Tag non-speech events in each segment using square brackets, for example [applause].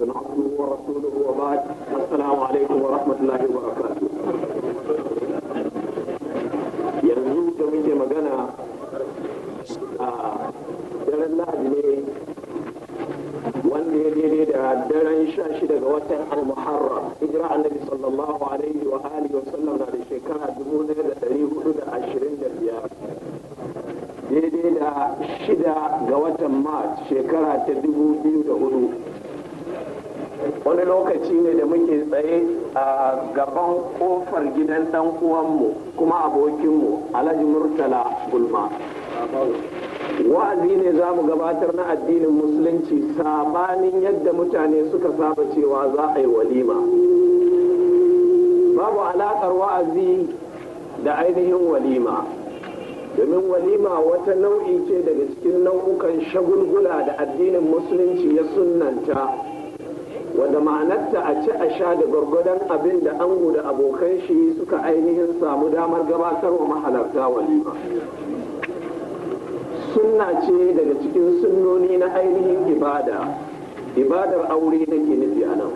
عبده ورسوله وبعد السلام عليكم ورحمة الله وبركاته yanzu da muke magana a daren lahadi ne wanda ya daidai da daren sha shida ga watan al-muharram hijira annabi sallallahu alaihi wa alihi wa sallam na da shekara dubu ɗaya da ɗari hudu da ashirin da biyar daidai da shida ga watan mars shekara ta dubu biyu da hudu wani lokaci ne da muke tsaye a gaban kofar gidan dan uwanmu kuma abokinmu alhaji murtala gulma wa'azi ne za mu gabatar na addinin musulunci sabanin yadda mutane suka saba cewa za a yi walima babu alaƙar wa'azi da ainihin walima domin walima wata nau'i ce daga cikin nau'ukan shagulgula da addinin musulunci ya sunanta wanda ma'anarta a ci a sha da gwargwadon abin da ango da abokan shi suka ainihin samu damar gabatar wa mahalarta walima sunna ce daga cikin sunnoni na ainihin ibada ibadar aure na nufi a nan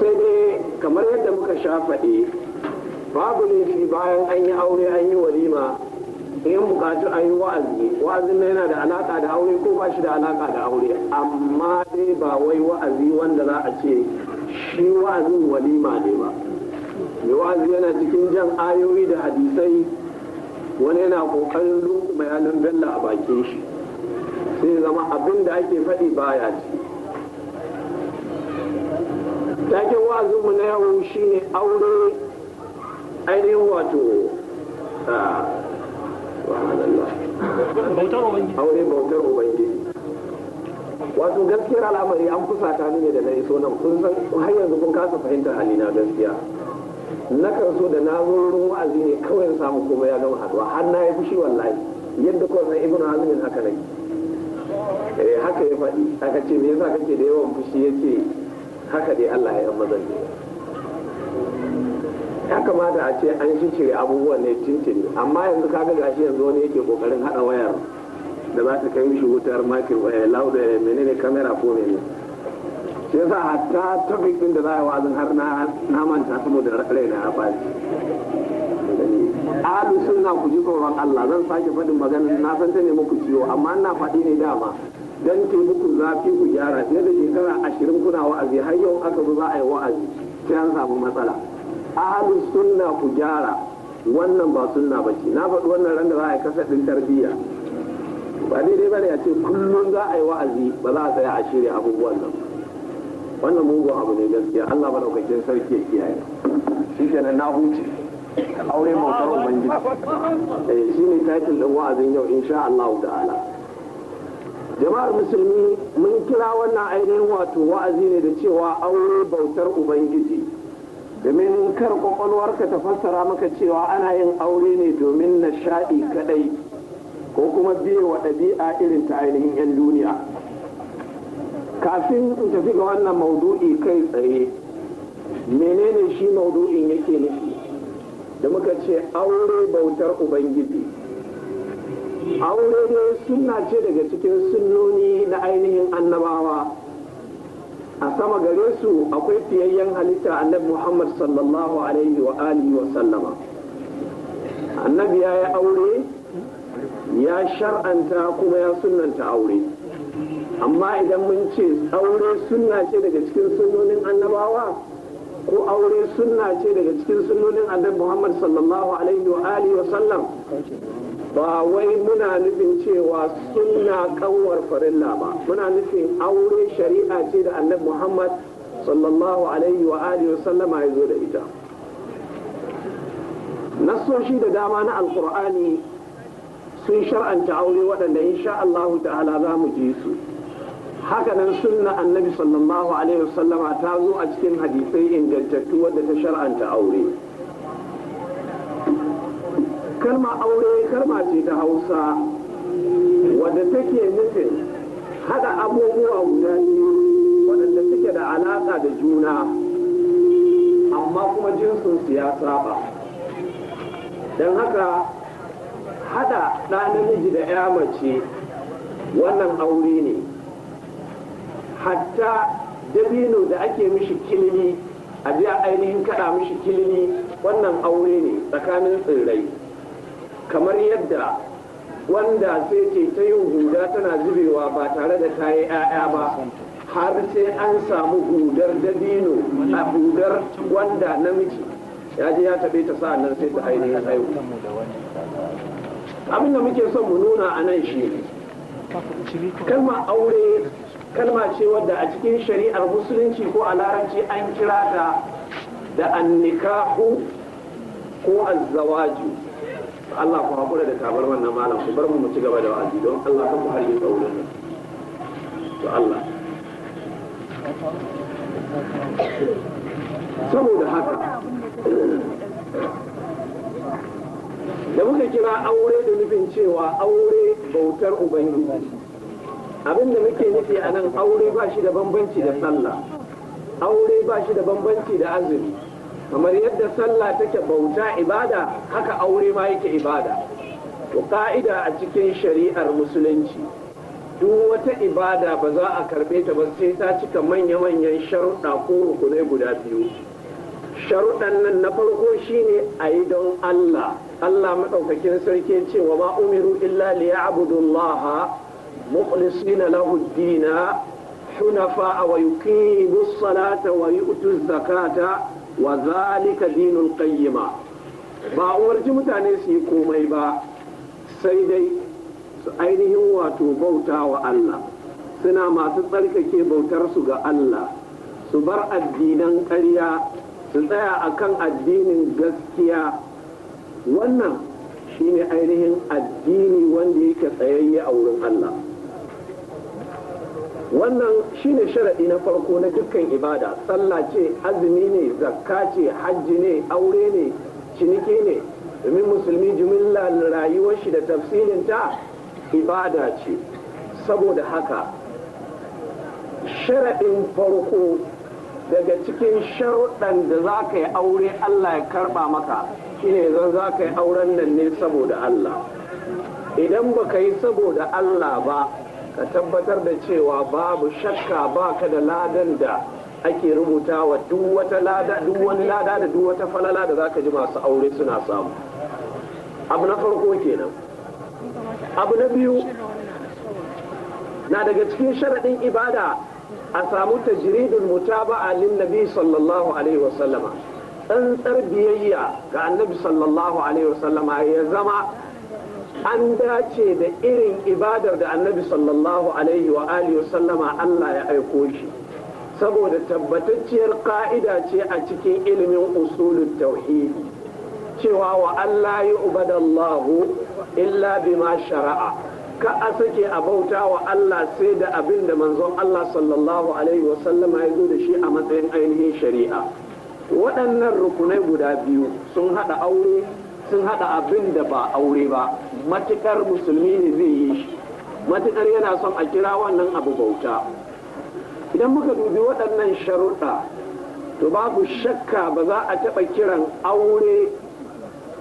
sai dai kamar yadda muka sha faɗi babu fi bayan an yi aure an yi walima in bukatu a yi wa'azi wa'azin na yana da alaka da aure ko ba shi da alaka da aure amma dai ba wai wa'azi wanda za a ce shi wa'azin walima ne ba mai wa'azi yana cikin jan ayoyi da hadisai wani yana kokarin lungu mai halin bella a bakin shi sai zama abin da ake faɗi baya ci taken mu na yau shine aure ainihin wato ah, bautar aure bautar ubangiji wato gaskiyar al'amari an fusata ni ne da na iso nan kun san har yanzu kun kasa fahimtar halina gaskiya na kan so da na zo wurin wa'azi ne kawai samu komai ya gama haduwa har na yi fushi wallahi yadda kuwa san ibnu hazmin haka nake eh haka ya faɗi aka ce me yasa kake da yawan fushi yace haka dai Allah ya yi mazan ya kamata a ce an cire abubuwan ne tintin amma yanzu kaga gashi yanzu wani yake kokarin hada wayar da za ta kai shi wutar makin eh, lauda eh, menene kamera ko menene shi yasa hatta topic din da za a yi wazin har na manta saboda rai na alu sunna ku ji tsoron Allah zan sake faɗin maganar na san ta ne muku ciwo amma ina faɗi ne dama dan te muku zafi ku gyara fiye da shekara ashirin kuna wa'azi har yau aka zo za a yi wa'azi sai an samu matsala ahalin sunna ku gyara wannan ba sunna ba ce na faɗi wannan ran da za a yi ɗin tarbiyya ba daidai ba ne a ce kullum za a yi wa'azi ba za a tsaya a shirya abubuwan nan wannan mugun abu ne gaskiya Allah daukakin sarki ya kiyaye shi kenan na huce aure bautar ubangiji eh shine title din wa'azin yau insha Allah ta'ala jama'ar musulmi mun kira wannan ainihin wato wa'azi ne da cewa aure bautar ubangiji domin kar kwakwalwarka ta fassara maka cewa ana yin aure ne domin nishaɗi kadai ko kuma biye wa ɗabi'a irin ta ainihin 'yan duniya kafin in tafi ga wannan maudu'i kai tsaye menene shi maudu'in yake nufi da muka ce aure bautar ubangiji aure ne suna ce daga cikin sunnoni na ainihin annabawa a sama gare su akwai fiyayyen halitta annabi muhammad sallallahu alaihi wa alihi wa sallama annabi ya yi aure ya shar'anta kuma ya sunanta aure amma idan mun ce aure sunna ce daga cikin sunonin annabawa ko aure sunna ce daga cikin sunonin annabi muhammad sallallahu alaihi wa alihi wa sallam ba wai muna nufin cewa sunna kanwar farilla ba muna nufin aure shari'a ce da annabi muhammad sallallahu alaihi wa alihi wa sallama ya zo da ita Nasoshi da dama na alkur'ani sun shar'anta aure waɗanda insha Allah ta'ala za mu je su hakanan sunna annabi sallallahu alaihi wa sallama ta zo a cikin hadisai ingantattu wadda ta shar'anta aure kalma aure kalma ce ta hausa wadda take nufin hada abubuwa guda biyu waɗanda suke da alaƙa da juna amma kuma jinsinsu ya saba don haka hada ɗa namiji da ya mace wannan aure ne hatta dabino da ake mishi kilimi a biya ainihin kaɗa mishi kilimi wannan aure ne tsakanin tsirrai kamar yadda wanda sai ke ta yin guda tana zubewa ba tare da ta yi 'ya'ya ba har sai an samu hudar dabino a hudar wanda namiji ya je ya taɓe ta sa nan sai ta ainihin haihu abin da muke son mu nuna a nan shi kalma aure kalma ce wadda a cikin shari'ar musulunci ko a larabci an kira ta da annikahu ko azzawaju Allah ku hakura da tabar wannan malam ku bar mu mu ci gaba da wa'azi don Allah kan ku har yi tsaurin nan to Allah saboda haka da muka kira aure da nufin cewa aure bautar ubangiji abin da muke nufi a nan aure ba shi da bambanci da sallah aure ba shi da bambanci da azumi kamar yadda sallah take bauta ibada haka aure ma yake ibada to ka'ida a cikin shari'ar musulunci duk wata ibada ba za a karbe ta ba sai ta cika manya-manyan sharuɗa ko rukunai guda biyu sharuɗan nan na farko shine a yi don Allah Allah maɗaukakin sarki cewa ma umiru illa liya'budullaha mukhlisina lahu dina hunafa wa yuqimus salata wa yu'tuz zakata wa zalika dinul qayyima ba umarci mutane su yi komai ba sai dai su ainihin wato bauta wa Allah suna masu tsarkake bautar su ga Allah su bar addinan ƙarya su tsaya akan addinin gaskiya wannan shine ainihin addini wanda yake tsayayye a wurin Allah wannan shine sharaɗi na farko na dukkan ibada sallah ce azumi ne zakka ce hajji ne aure ne ciniki ne domin musulmi jimilla rayuwar shi da tafsirin ta ibada ce saboda haka sharaɗin farko daga cikin sharuɗan da za ka yi aure allah ya karɓa maka shine zan za ka yi auren nan ne saboda allah idan ba ka yi saboda allah ba ka tabbatar da cewa babu shakka baka da ladan da ake rubuta wa duk wata lada duk wani lada da duk wata falala da zaka ji masu aure suna samu abu na farko kenan abu na biyu na daga cikin sharaɗin ibada a samu tajridul mutaba'a lin nabi sallallahu alaihi wasallama tsantsar biyayya ga annabi sallallahu alaihi wasallama ya zama an dace da irin ibadar da annabi sallallahu alaihi wa alihi sallama Allah ya aiko shi saboda tabbatacciyar ka'ida ce a cikin ilimin usulun tauhidi cewa wa Allah ya ubadallahu illa bima shara'a ka a sake a bauta wa Allah sai da abin da manzon Allah sallallahu alaihi wa sallama ya zo da shi a matsayin ainihin shari'a waɗannan rukunai guda biyu sun haɗa aure sun haɗa abin da ba aure ba matukar musulmi ne zai yi shi matukar yana son a kira wannan abu bauta idan muka dubi waɗannan sharuɗa to babu shakka ba za a taɓa kiran aure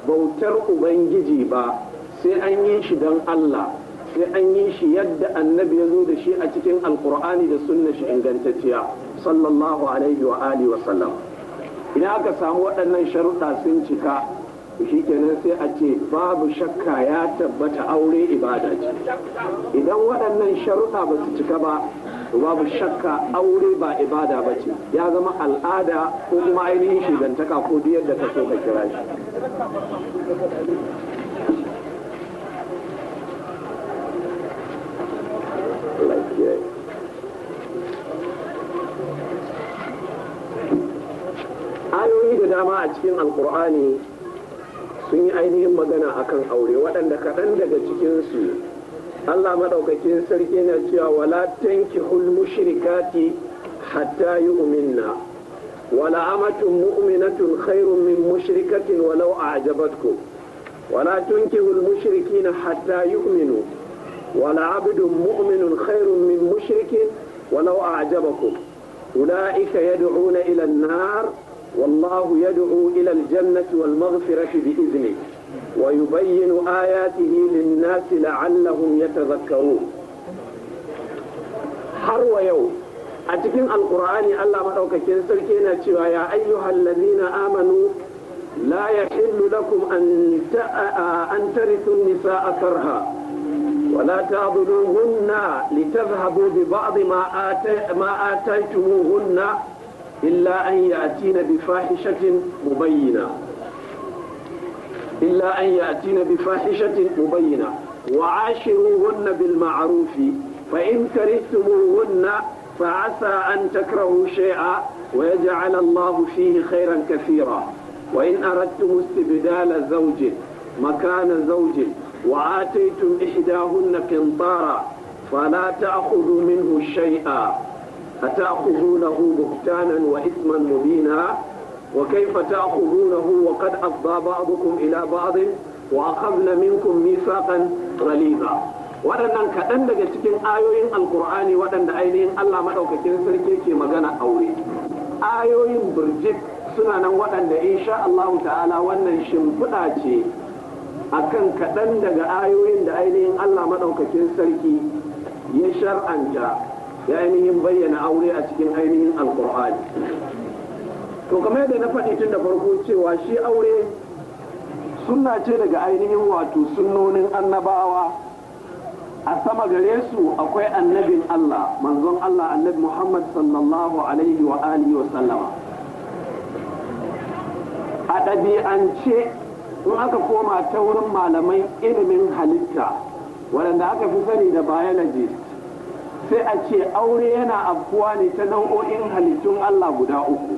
bautar ubangiji ba sai an yi shi don allah sai an yi shi yadda annabi ya zo da shi a cikin alkur'ani da sunna shi ingantacciya sallallahu alaihi wa alihi wa sallam idan aka samu waɗannan sharuɗa sun cika shi kenan sai a ce babu shakka ya tabbata aure ibada ce idan waɗannan sharuɗa ba su cika ba babu shakka aure ba ibada ba ce ya zama al'ada ko kuma ainihin shigantaka ko duk yadda ka so ka kira shi ayoyi da dama a cikin alkur'ani sun yi ainihin magana akan aure waɗanda kaɗan daga cikinsu Allah maɗaukakin sarki na cewa wala tanki hul mushrikati hatta yu'minna wala amatun mu'minatun khairun min mushrikatin walau a'jabatkum wala tanki hul mushrikina hatta yu'minu wala 'abdun mu'minun khairun min mushrikin walau a'jabakum ulaika yad'una ila an-nar والله يدعو إلى الجنة والمغفرة بإذنه ويبين آياته للناس لعلهم يتذكرون حرو يوم أتكلم القرآن الله مروك كنسر كينا يا أيها الذين آمنوا لا يحل لكم أن آه، أن ترثوا النساء كرها ولا تعبدوهن لتذهبوا ببعض ما آتيتموهن إلا أن يأتين بفاحشة مبينة إلا أن يأتين بفاحشة مبينة وعاشروهن بالمعروف فإن كرهتموهن فعسى أن تكرهوا شيئا ويجعل الله فيه خيرا كثيرا وإن أردتم استبدال زوج مكان زوج وآتيتم إحداهن قنطارا فلا تأخذوا منه شيئا أتأخذونه بهتانا وإثما مبينا وكيف تأخذونه وقد أفضى بعضكم إلى بعض وأخذنا منكم ميثاقا غليظا waɗannan kaɗan daga cikin ayoyin alkur'ani waɗanda ainihin Allah maɗaukakin sarki ke magana aure ayoyin birjik suna nan waɗanda insha Allah ta'ala wannan shimfiɗa ce akan kaɗan daga ayoyin da ainihin Allah maɗaukakin sarki ya shar'anta ya ainihin bayyana aure a cikin ainihin alkur'ani to kamar yadda na faɗi tun da farko cewa shi aure suna ce daga ainihin wato sunnonin annabawa a sama gare su akwai annabin Allah manzon Allah annabi Muhammad sallallahu alaihi wa alihi wa sallama a ɗabi'ance in aka koma ta wurin malamai ilimin halitta waɗanda aka fi sani da biologist sai a ce aure yana afkuwa ne ta nau'o'in halittun Allah guda uku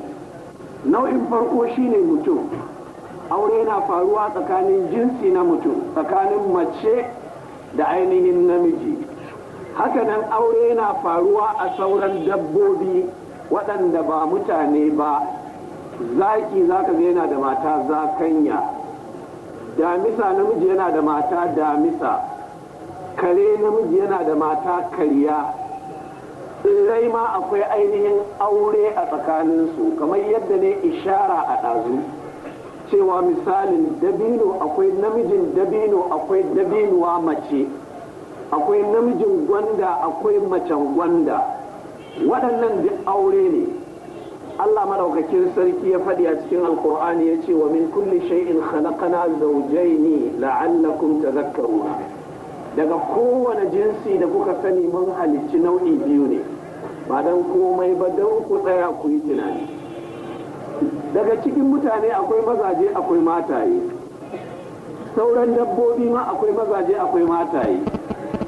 nau'in farko shine mutum aure yana faruwa tsakanin jinsi na mutum tsakanin mace da ainihin namiji hakanan aure yana faruwa a sauran dabbobi waɗanda ba mutane ba zaki zaka ga yana da mata zakanya damisa namiji yana da mata damisa kare namiji yana da mata kariya tsirrai ma akwai ainihin aure a tsakaninsu kamar yadda ne ishara a ɗazu cewa misalin dabino akwai namijin dabino akwai dabinuwa mace akwai namijin gwanda akwai macen gwanda waɗannan duk aure ne Allah madaukakin sarki ya faɗi a cikin alkur'ani ya ce wa min kulli shay'in khalaqana zawjaini la'allakum tadhakkaruna daga kowane jinsi da kuka sani mun halicci nau'i biyu ne ba don komai ba don ku tsaya ku yi tunani daga cikin mutane akwai mazaje akwai mataye sauran dabbobi ma akwai mazaje akwai mataye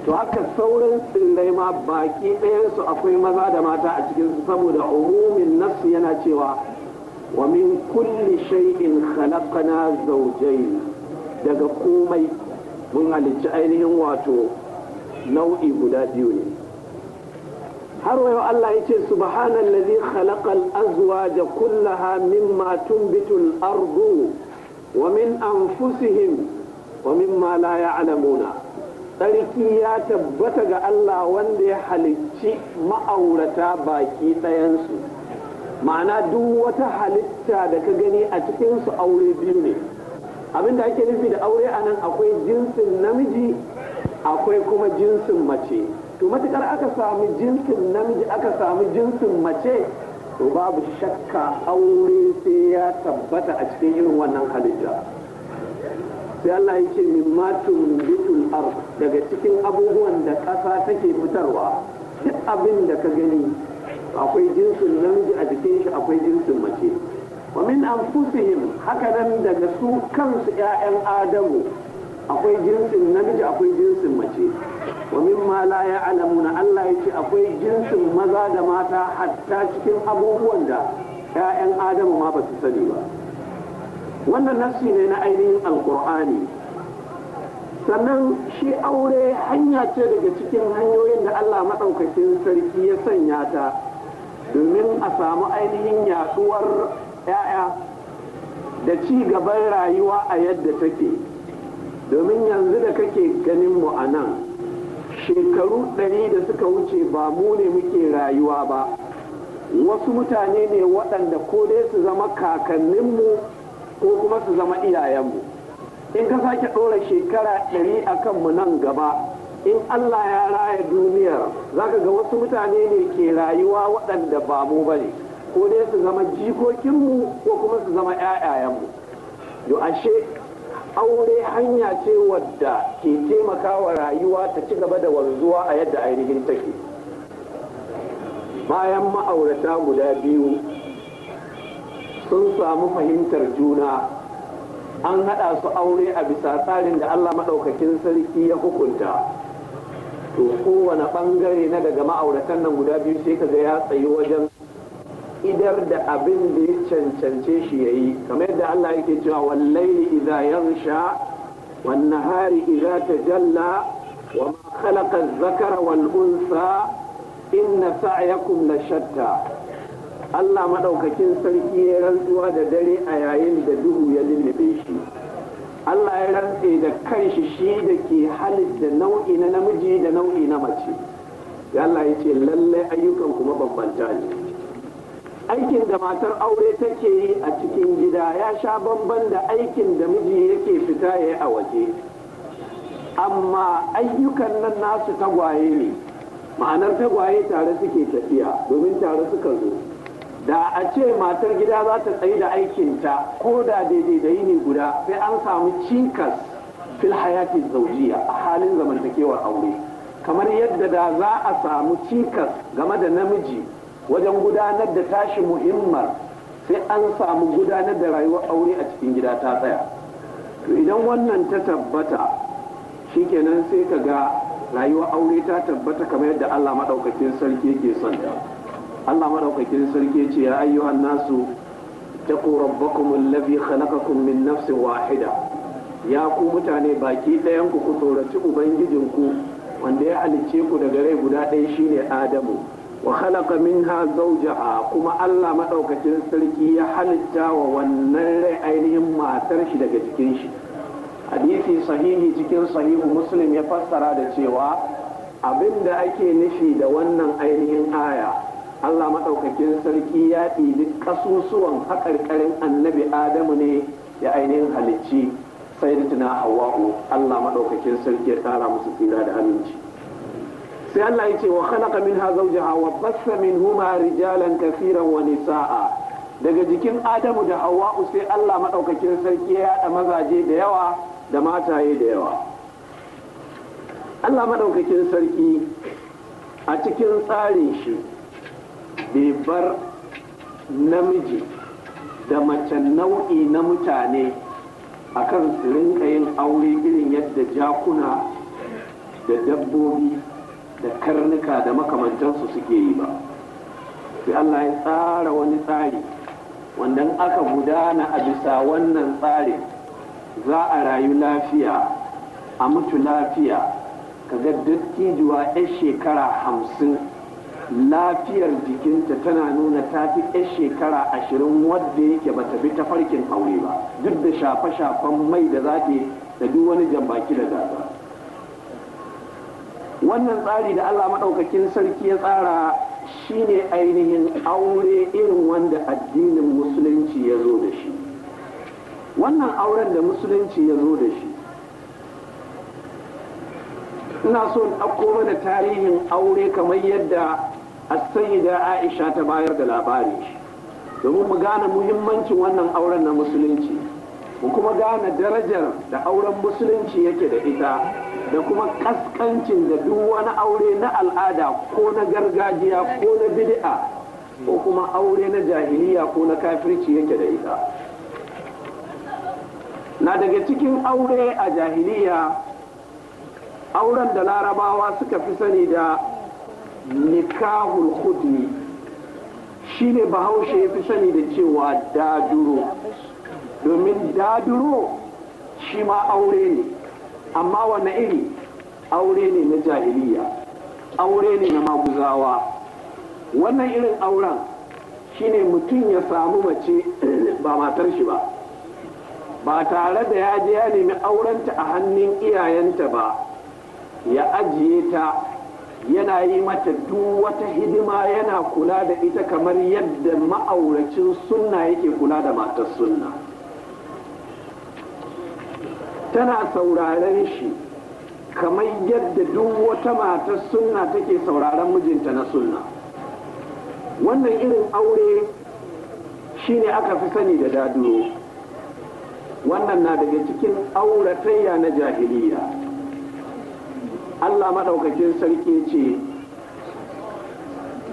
to haka sauran tsirrai ma baki ɗayansu akwai maza da mata a cikinsu saboda umumin nasu yana cewa wa min kulli shay'in khalaqna zawjayn daga komai mun halicci ainihin wato nau'i guda biyu ne har wayo Allah ya ce subhanan lazi khalaqal azwaja kullaha mimma tunbitul ardu wa min anfusihim wa mimma la ya'lamuna tsarki ya tabbata ga Allah wanda ya halicci ma'aurata baki ɗayansu ma'ana duk wata halitta da ka gani a cikinsu aure biyu ne Abin da ake nufi da aure a nan akwai jinsin namiji akwai kuma jinsin mace to matukar aka sami jinsin namiji aka sami jinsin mace to babu shakka aure sai ya tabbata a cikin irin wannan halitta sai Allah yake min matun bitul ard daga cikin abubuwan da ƙasa take fitarwa duk abin da ka gani akwai jinsin namiji a jikin shi akwai jinsin mace wa min haka hakanan daga su kansu 'ya'yan adamu akwai jinsin namiji akwai jinsin mace wa mimma la na Allah ce akwai jinsin maza da mata hatta cikin abubuwan da 'ya'yan adamu ma ba su sani ba wannan nasi ne na ainihin alkur'ani sannan shi aure hanya ce daga cikin hanyoyin da Allah maɗaukakin sarki ya sanya ta domin a samu ainihin Yaɗuwar. 'ya'ya da ci gaban rayuwa a yadda take domin yanzu da kake ganin mu a nan shekaru ɗari da suka wuce ba mu ne muke rayuwa ba wasu mutane ne waɗanda ko dai su zama kakanninmu ko kuma su zama iyayenmu in ka sake ɗora shekara ɗari a kanmu nan gaba in allah ya raya duniyar za ka ga wasu mutane ne ke rayuwa waɗanda ba mu ba ne ko dai su zama jikokinmu ko kuma su zama 'ya'yayenmu yo ashe aure hanya ce wadda ke taimakawa rayuwa ta ci gaba da wanzuwa a yadda ainihin take bayan ma'aurata guda biyu sun samu fahimtar juna an haɗa su aure a bisa tsarin da allah maɗaukakin sarki ya hukunta to kowane ɓangare na daga ma'auratan nan guda biyu sai ka ga ya tsayi wajen idar da abin da ya cancance shi ya yi kamar yadda Allah yake cewa wallahi idza yansha wan nahari ta tajalla wa ma khalaqa adh-dhakara wal unsa inna sa'yakum la shatta Allah madaukakin sarki ya rantsuwa da dare a yayin da duhu ya lullube shi Allah ya rantse da kanshi shi da ke da nau'i na namiji da nau'i na mace Allah ya ce lallai ayyukan kuma bambanta ne aikin da matar aure take yi a cikin gida ya sha bamban da aikin da miji yake fita ya a waje amma ayyukan nan nasu tagwaye ne ma'anar tagwaye tare suke tafiya domin tare suka zo da a ce matar gida za ta tsaye da aikinta ko da daidai da ne guda sai an samu cikas fil hayati zaujiya a halin zamantakewar aure kamar yadda da za a samu cikas game da namiji wajen gudanar da tashi muhimmar sai an samu gudanar da rayuwar aure a cikin gida ta tsaya to idan wannan ta tabbata shikenan sai ka ga rayuwar aure ta tabbata kamar yadda Allah maɗaukakin sarki yake son ta Allah maɗaukakin sarki ce ya ayyuhan nasu taqu rabbakum allazi khalaqakum min nafsin wahida ya ku mutane baki ɗayan ku ku tsoraci ubangijinku wanda ya alice ku daga rai guda ɗaya shine Adamu wa khalaqa minha zawjaha kuma Allah maɗaukacin sarki ya halitta wa wannan rai ainihin matar shi daga jikin shi hadisi sahihi cikin sahihu muslim ya fassara da cewa abinda ake nufi da wannan ainihin aya Allah Maɗaukakin sarki ya ɗibi ƙasusuwan haƙarƙarin annabi adamu ne ya ainihin halicci sai da tuna hawa'u Allah maɗaukacin sarki ya tara musu tsira da abinci. sai Allah ya ce wa khalaqa minha zawjaha wa bassa minhuma rijalan kaseeran wa nisaa daga jikin Adamu da Hawwa'u sai Allah madaukakin sarki ya yada mazaje da yawa da mataye da yawa Allah madaukakin sarki a cikin tsarin shi bai bar namiji da mace nau'i na mutane akan su rinka yin aure irin yadda jakuna da dabbobi da karnuka da makamantansu suke yi ba sai Allah ya tsara wani tsari wanda aka gudana a bisa wannan tsarin za a rayu lafiya a mutu lafiya kaga dattijuwa 'yar shekara hamsin lafiyar jikinta tana nuna ta fi 'yar shekara ashirin wadda yake ba ta bi ta farkin aure ba duk da shafe-shafen mai da za ta da duk wani jambaki da gasa wannan tsari da allah maɗaukakin sarki ya tsara shine ainihin aure irin wanda addinin musulunci ya zo da shi wannan auren da musulunci ya zo da shi ina so in ɗauko mana tarihin aure kamar yadda da aisha ta bayar da labari domin mu gane muhimmancin wannan auren na musulunci mu kuma gane darajar da auren musulunci yake da ita da kuma kaskancin da duk wani aure na al'ada ko na gargajiya ko na bid'a ko kuma aure na jahiliya ko na kafirci yake da ita na daga cikin aure a jahiliya auren da larabawa suka fi sani da nikahul hudni ne bahaushe ya fi sani da cewa daduro domin daduro shi ma aure ne amma wane iri aure ne na jahiliya aure ne na maguzawa wannan irin auren shine mutum ya samu mace [clears throat] ba matar shi ba ba tare da ya je ya nemi aurenta a hannun iyayenta ba ya ajiye ta yana yi mata duk wata hidima yana kula da ita kamar yadda ma'auracin sunna yake kula da matar sunna. tana sauraren shi kamar yadda duk wata mata sunna take sauraren mijinta na sunna wannan irin aure shine aka fi sani da daduro wannan na daga cikin auratayya na jahiliya Allah maɗaukakin sarki ce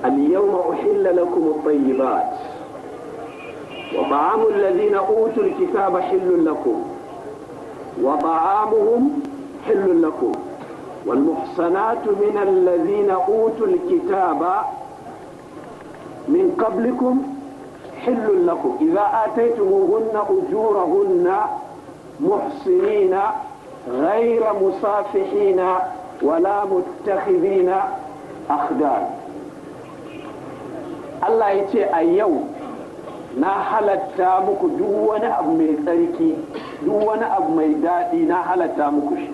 اليوم أحل لكم الطيبات وطعام الذين أوتوا الكتاب حل لكم وطعامهم حل لكم والمحصنات من الذين أوتوا الكتاب من قبلكم حل لكم إذا آتيتموهن أجورهن محصنين غير مصافحين ولا متخذين أخدان الله يتي أيوم na halatta muku duk wani abu duk wani abu mai daɗi na halatta muku shi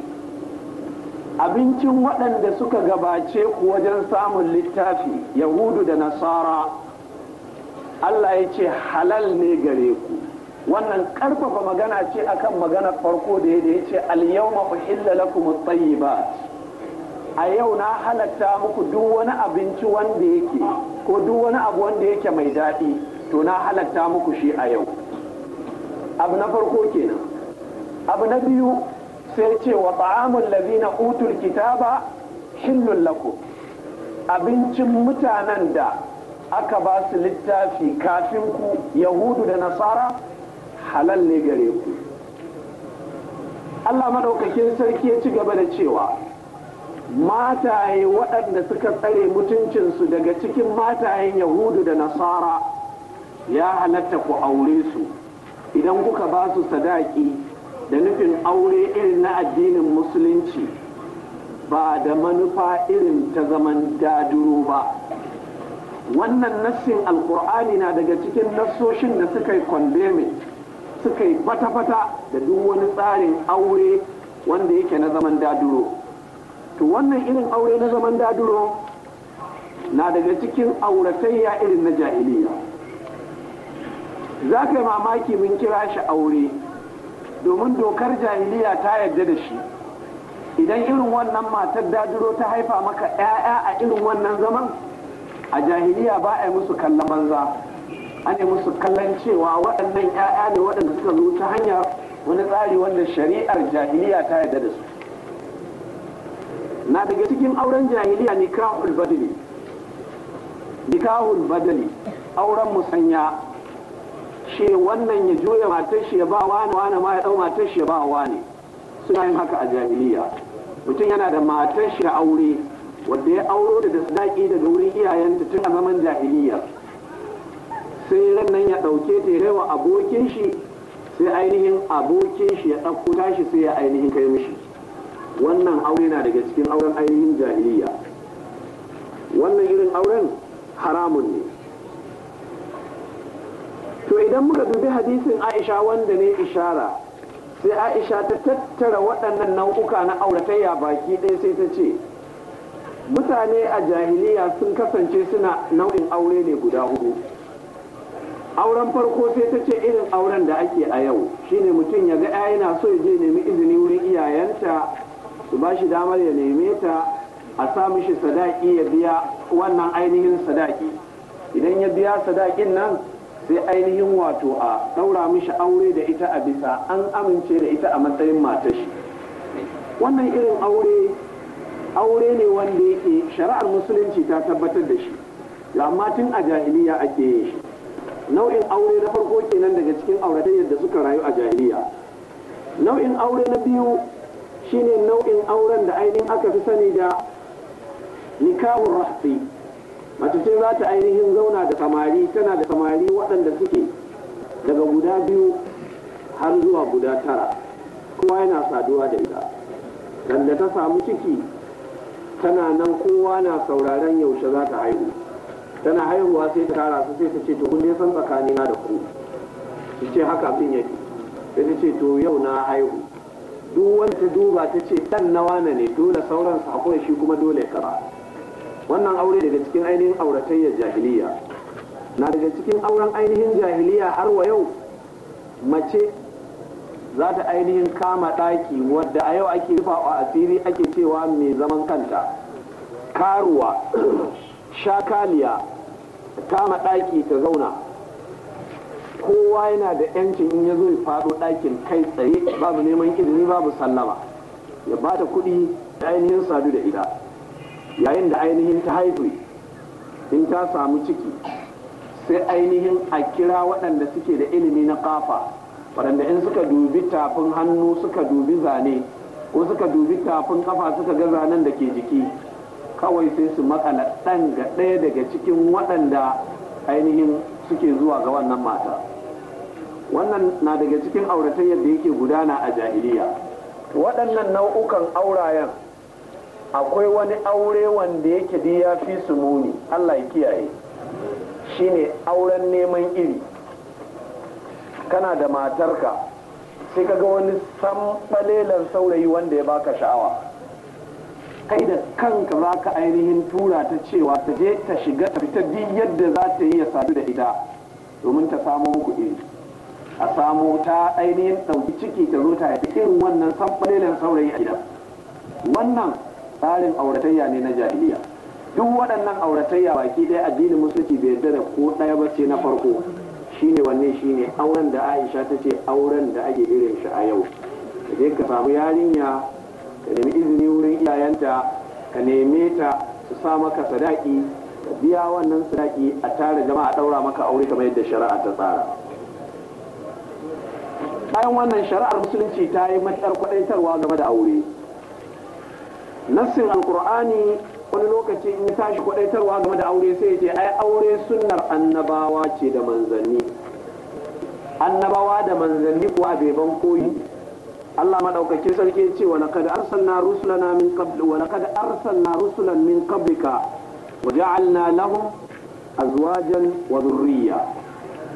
abincin waɗanda suka gabace ku wajen samun littafi yahudu da nasara allah ya ce halal ne gare ku wannan ƙarfafa magana ce akan maganar farko da ya ce alyawma uhilla lakum at ba. a yau na halatta muku duk wani abinci wanda yake ko duk wani abu wanda yake mai daɗi to na halatta muku shi a yau abu na farko kenan abu na biyu sai ce wa ta'amul ladina utul kitaba Hillun lako abincin mutanen da aka ba su littafi kafin ku yahudu da nasara halal ne gare ku Allah madaukakin sarki ya ci gaba da cewa mataye waɗanda suka tsare mutuncinsu daga cikin matayen yahudu da nasara ya halatta ku aure su idan kuka ba su sadaki da nufin aure irin na addinin musulunci ba da manufa irin ta zaman daduro ba wannan nassin alkur'ani na daga cikin nassoshin da suka yi kwandeme suka yi fata-fata da duk wani tsarin aure wanda yake na zaman daduro to wannan irin aure na zaman daduro na daga cikin auratayya irin na jahiliya za ka yi mamaki mun kira shi aure domin dokar jahiliya ta yarda da shi idan irin wannan matar dajiro ta haifa maka 'ya'ya a irin wannan zaman a jahiliya ba a yi musu kallon banza an yi musu kallon cewa waɗannan 'ya'ya ne waɗanda suka zo ta hanya wani tsari wanda shari'ar jahiliya ta yarda da su na daga cikin auren jahiliya nikahul badali nikahul badali auren musanya shi wannan ya juya matar shi ya ba wani wani ma ya dau matar shi ya ba wani suna yin haka a jahiliya mutum yana da matar shi da aure wanda ya auro da da sadaki daga wurin iyayenta tun a zaman jahiliya sai ran nan ya ɗauke ta ya wa abokin shi sai ainihin abokin shi ya ɗauko tashi sai ya ainihin kai mishi wannan aure na daga cikin auren ainihin jahiliya wannan irin auren haramun ne to idan muka dubi hadisin aisha wanda ne ishara sai aisha ta tattara waɗannan nau'uka na auratayya baki ɗaya sai ta ce mutane a jahiliya sun kasance suna nau'in aure ne guda hudu auren farko sai ta ce irin auren da ake a yau shine mutum ya ga yana so ya je nemi izini wurin iyayenta su ba shi damar ya neme ta a sa mishi sadaki ya biya wannan ainihin sadaki idan ya biya sadakin nan sai ainihin wato a daura mishi aure da ita a bisa an amince da ita a matsayin matar shi wannan irin aure aure ne wanda yake shari'ar musulunci ta tabbatar da shi amma tun a jahiliya ake yin shi nau'in aure na farko kenan daga cikin auratayyar da suka rayu a jahiliya nau'in aure na biyu shine nau'in auren da ainihin aka fi sani da nikahun rahsi mace ce za ta ainihin zauna da samari tana da samari waɗanda suke daga guda biyu har zuwa guda tara kowa yana saduwa da ita wanda ta samu ciki tana nan kowa na sauraren yaushe za ta haihu tana haihuwa sai ta kara su sai ta ce to kun dai san tsakanina da ku su ce haka abin yake sai ta ce to yau na haihu duk wanda ta duba ta ce dan na wane ne dole sauran sakon shi kuma dole kara wannan aure daga cikin ainihin auratayyar jahiliya na daga cikin auren ainihin jahiliya har wa yau mace za ta ainihin kama ɗaki wadda a yau ake rufawa asiri ake cewa mai zaman kanta karuwa [clears throat] shakaliya kama ɗaki ta zauna kowa yana da yancin in ya zo ya faɗo ɗakin kai tsaye babu neman izini babu sallama ya ba ta kuɗi da ainihin sadu da ita yayin da ainihin ta haihu in ta samu ciki sai ainihin a kira waɗanda suke da ilimi na ƙafa waɗanda in suka dubi tafin hannu suka dubi zane ko suka dubi tafin ƙafa suka ga zanen da ke jiki kawai sai su makala ɗan ga ɗaya daga cikin waɗanda ainihin suke zuwa ga wannan mata wannan na daga cikin auratayyar da yake gudana a jahiliya waɗannan nau'ukan aurayen akwai wani aure wanda yake da ya fi su muni Allah ya kiyaye shine auren neman iri kana da matarka sai kaga wani sambalelan saurayi wanda ya baka sha'awa kai da kanka za ka ainihin tura ta cewa ta je ta shiga ta fita duk yadda za ta yi ya sadu da ita domin ta samo muku iri a samo ta ainihin ɗauki ciki ta zo ta yi irin wannan sambalelan saurayi a gida wannan tsarin auratayya ne na jahiliya duk waɗannan auratayya baki ɗaya addinin musulunci bai yarda da ko ɗaya ba ce na farko shine wanne shine auren da Aisha ta ce auren da ake irin shi a yau ka ka samu yarinya ka nemi izini wurin iyayenta ka neme ta su sa maka sadaki ka biya wannan sadaki a tare jama'a ɗaura maka aure kamar yadda shari'a ta tsara bayan wannan shari'ar musulunci ta yi matsar kwaɗaitarwa game da aure nassin alkur'ani wani lokaci in ya tashi kwadaitarwa game da aure sai ce ai aure sunnar annabawa ce da manzanni annabawa da manzanni ko beban koyi Allah madaukakin sarki ce wa laqad arsalna rusulana min qabl wa laqad arsalna rusulan min qablika wa ja'alna lahum azwajan wa dhurriyya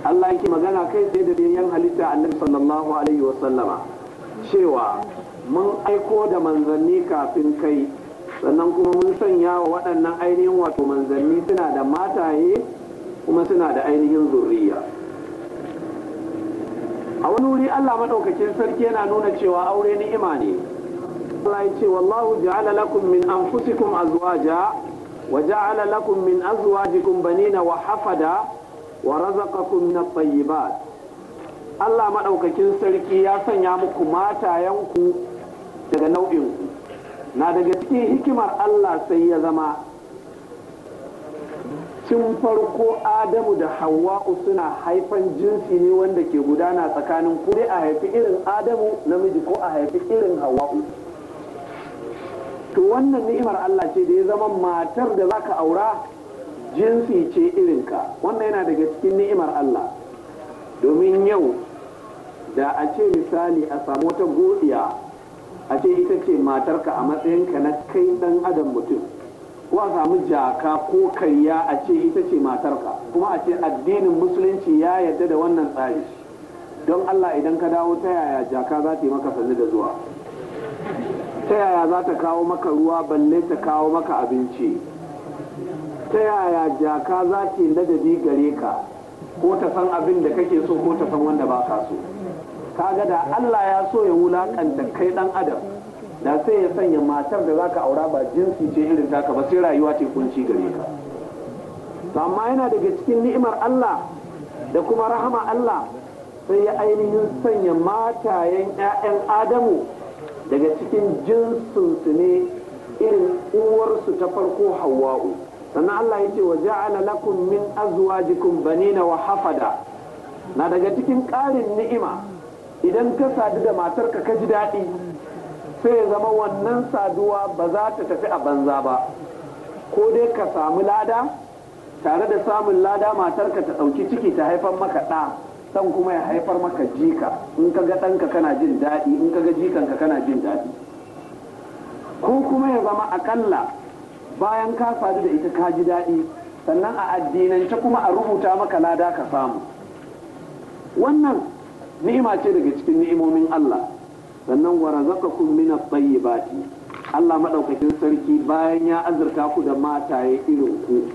Allah yake magana kai sai da yan halitta annabi sallallahu alaihi wa sallama cewa mun aiko da manzanni kafin kai sannan kuma mun sanya wa waɗannan ainihin wato manzanni suna da mataye kuma suna da ainihin zurriya a wani wuri allah maɗaukakin sarki yana nuna cewa aure ni'ima ne Allah ya ce wallahu ja'ala lakum min anfusikum azwaja wa ja'ala lakum min azwajikum banina wa hafada wa razaqakum min at-tayyibat Allah maɗaukakin sarki ya sanya muku matayanku daga nau'in na daga cikin hikimar Allah sai ya zama cin farko Adamu da Hawwa'u suna haifan jinsi ne wanda ke gudana tsakanin ko a haifi irin Adamu namiji ko a haifi irin Hawwa'u to wannan ni'imar Allah ce da ya zama matar da zaka aura jinsi ce irinka wannan yana daga cikin ni'imar Allah domin yau da a ce misali a samu wata godiya a ce ita ce matarka a matsayinka na kai dan adam mutum ko a samu jaka ko karya a ce ita ce matarka kuma a ce addinin musulunci ya yarda da wannan tsari don allah idan ka dawo ta yaya jaka za ta yi maka sannu da zuwa ta yaya za ta kawo maka ruwa balle ta kawo maka abinci ta yaya jaka za ta yi ladabi gare ka ko ta san abin da kake so ko ta san wanda ba ka so kaga da Allah ya so ya wulakanta kai dan adam da sai ya sanya matar da zaka aura ba jinsi ce irin taka ba sai rayuwa ce kunci gare ka to amma yana daga cikin ni'imar Allah da kuma rahama Allah sai ya ainihin sanya matayen 'ya'yan Adamu daga cikin jinsinsu ne irin uwarsu ta farko Hawwa'u sannan Allah ya ce wa ja'ala lakum min azwajikum banina wa hafada na daga cikin ƙarin ni'ima idan ka sadu da matarka ka ji daɗi sai ya zama wannan saduwa ba za ta tafi a banza ba ko dai ka samu lada tare da samun lada matarka ta ɗauki ciki ta haifar maka ɗa san kuma ya haifar maka jika in ka ga ɗanka kana jin daɗi in ka ga jikanka kana jin daɗi ko kuma ya zama akalla bayan ka sadu da ita ka ji daɗi sannan a addinance kuma a rubuta maka lada ka samu wannan ni'ima ce daga cikin ni'imomin Allah sannan wa razaqakum min at-tayyibati Allah madaukakin sarki bayan ya azurta ku da mataye irin ku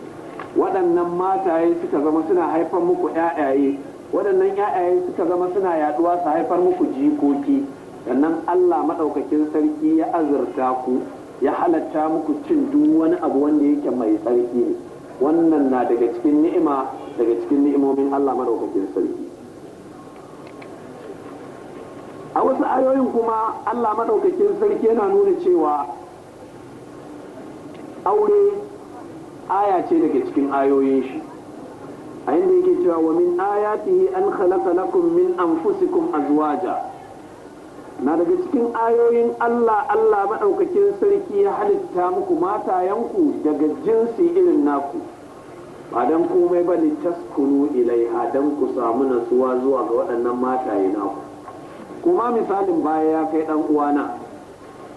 waɗannan mataye suka zama suna haifar muku ƴaƴaye waɗannan ƴaƴaye suka zama suna yaduwa su haifar muku jikoki sannan Allah madaukakin sarki ya azurta ku ya halatta muku cin duk wani abu wanda yake mai tsarki ne wannan na daga cikin ni'ima daga cikin ni'imomin Allah madaukakin sarki a wasu ayoyin kuma allah maɗaukakin sarki yana nuna cewa aure aya ce daga cikin ayoyin shi a inda yake cewa wa min ayatihi an khalaqa lakum min anfusikum azwaja na daga cikin ayoyin allah allah maɗaukakin sarki ya halitta muku matayenku daga jinsi irin naku ba don komai ba taskunu ilaiha don ku samu natsuwa zuwa ga waɗannan mataye naku kuma misalin baya ya kai dan uwana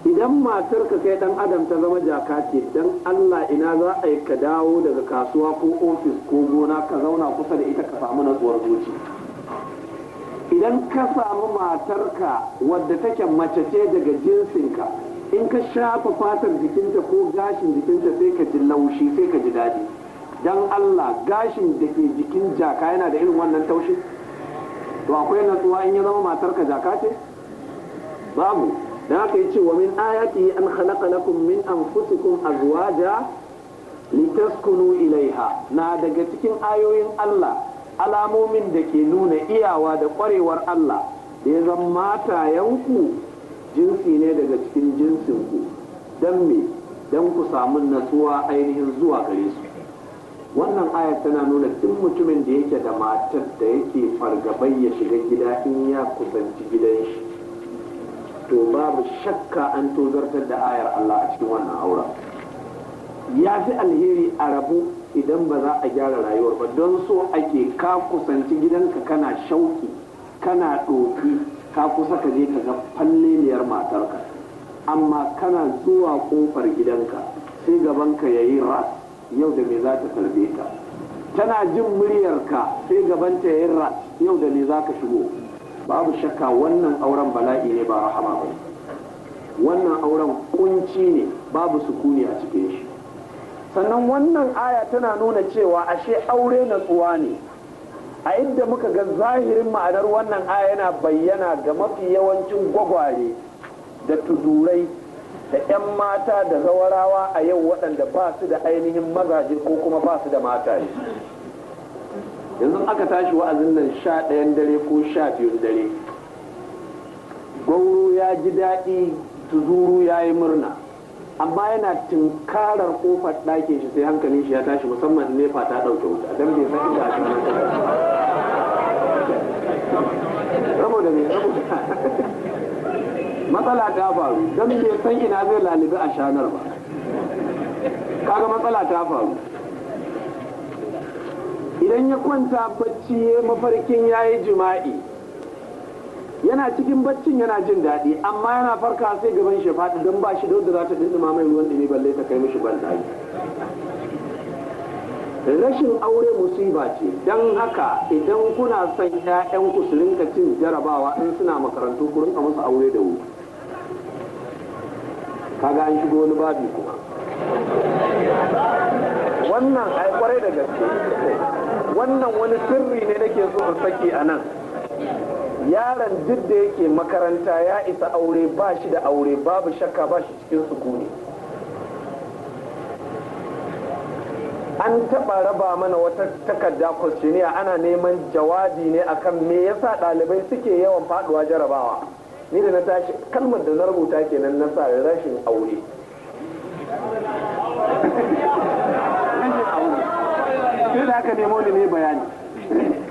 idan matar ka kai dan adam ta zama jaka ce dan Allah ina za a yi ka dawo daga kasuwa ko ofis ko gona ka zauna kusa da ita ka samu natsuwar zuci idan ka samu matarka wadda take mace ce daga jinsinka in ka shafa fatar jikinta ko gashin jikinta sai ka ji laushi sai ka ji daɗi dan Allah gashin da ke jikin jaka yana da irin wannan taushin to akwai natsuwa in ya zama matarka jaka ce babu da haka yi cewa min ayati an khalaqa lakum min anfusikum azwaja litaskunu ilaiha na daga cikin ayoyin Allah alamomin da ke nuna iyawa da kwarewar Allah da ya zama matayenku jinsi ne daga cikin jinsinku don me don ku samu natsuwa ainihin zuwa gare su wannan ayar tana nuna duk mutumin da yake da matar da yake fargabai ya shiga gida in ya kusanci gidan shi to babu shakka an tozartar da ayar Allah a cikin wannan aura ya fi alheri a rabu idan ba za a gyara rayuwar ba don so ake ka kusanci gidanka kana shauki kana ɗoki ka kusa ka je ka ga falleliyar matarka amma kana zuwa ƙofar gidanka sai gabanka ya yi ras yau da me za ta tarbe ka tana jin muryarka sai gabanta ya rat yau da me za ka shigo babu shakka wannan auren bala'i ne ba rahama ba wannan auren kunci ne babu sukuni a cikin shi sannan wannan aya tana nuna cewa ashe aure natsuwa ne a inda muka ga zahirin ma'anar wannan aya yana bayyana ga mafi yawancin gwagware da tudurai da 'yan mata da zawarawa a yau waɗanda ba su da ainihin mazaje ko kuma ba su da mata ne. yanzu aka tashi wa'azin nan sha ɗayan dare ko sha biyun dare gwauro ya ji daɗi tuzuru ya yi murna amma yana tunkarar ƙofar ɗakin shi sai hankali shi ya tashi musamman nefa ta ɗauke wuta don bai san inda ake saboda me saboda matsala ta faru don bai san ina zai lalibi a shanar ba kaga matsala ta faru idan ya kwanta bacci ya mafarkin ya yi jima'i yana cikin baccin yana jin daɗi amma yana farka sai gaban shi faɗi don ba shi da za ta dindima mai ruwan ɗumi balle ta kai mishi ban rashin aure musiba ce don haka idan kuna son 'ya'yanku su rinka cin jarabawa in suna makarantu ku rinka musu aure da wuri kaga an shigo wani babi kuma wannan ai kwarai da gaske wannan wani sirri ne nake so in saki a nan yaron duk da yake makaranta ya isa aure ba shi da aure babu shakka ba shi cikin sukuni an taɓa raba mana wata takarda kwastiniya ana neman jawabi ne akan me yasa ɗalibai suke yawan faɗuwa jarabawa ni da na tashi kalmar da na rubuta kenan na sa rashin aure sai da haka nemo ne bayani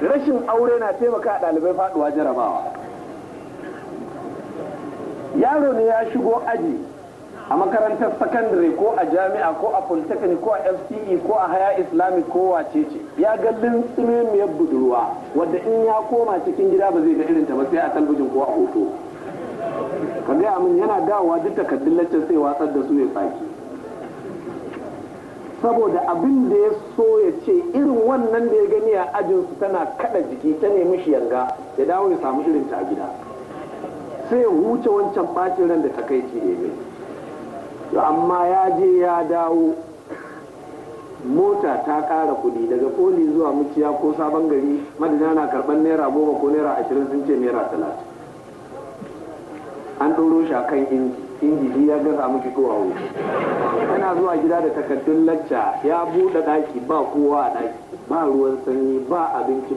rashin aure na taimaka ɗalibai faɗuwa jarabawa yaro ne ya shigo aji a makarantar sakandare ko a jami'a ko a polytechnic ko a fce ko a haya islamic ko wacece ya ga lintsime mai budurwa wadda in ya koma cikin gida ba zai ga irinta ba sai a talbijin ko a hoto ka gaya min yana dawowa duk takardun laccar sai watsar da su ya tsaki saboda abin da ya so ya ce irin wannan da ya gani a ajinsu tana kada jiki ta nemi shi yanga ya dawo ya samu irin ta gida sai ya huce wancan bacin ran da ta kai ce ne amma ya je ya dawo mota ta kara kudi daga koli zuwa muciya ko sabon gari madina na karban naira goma ko naira ashirin sun ce naira talatin an ɗoro shi a kan inji inji shi ya gasa miki duwawo yana zuwa gida da takardun lacca ya buɗe ɗaki ba kowa a ɗaki ba ruwan sanyi ba abinci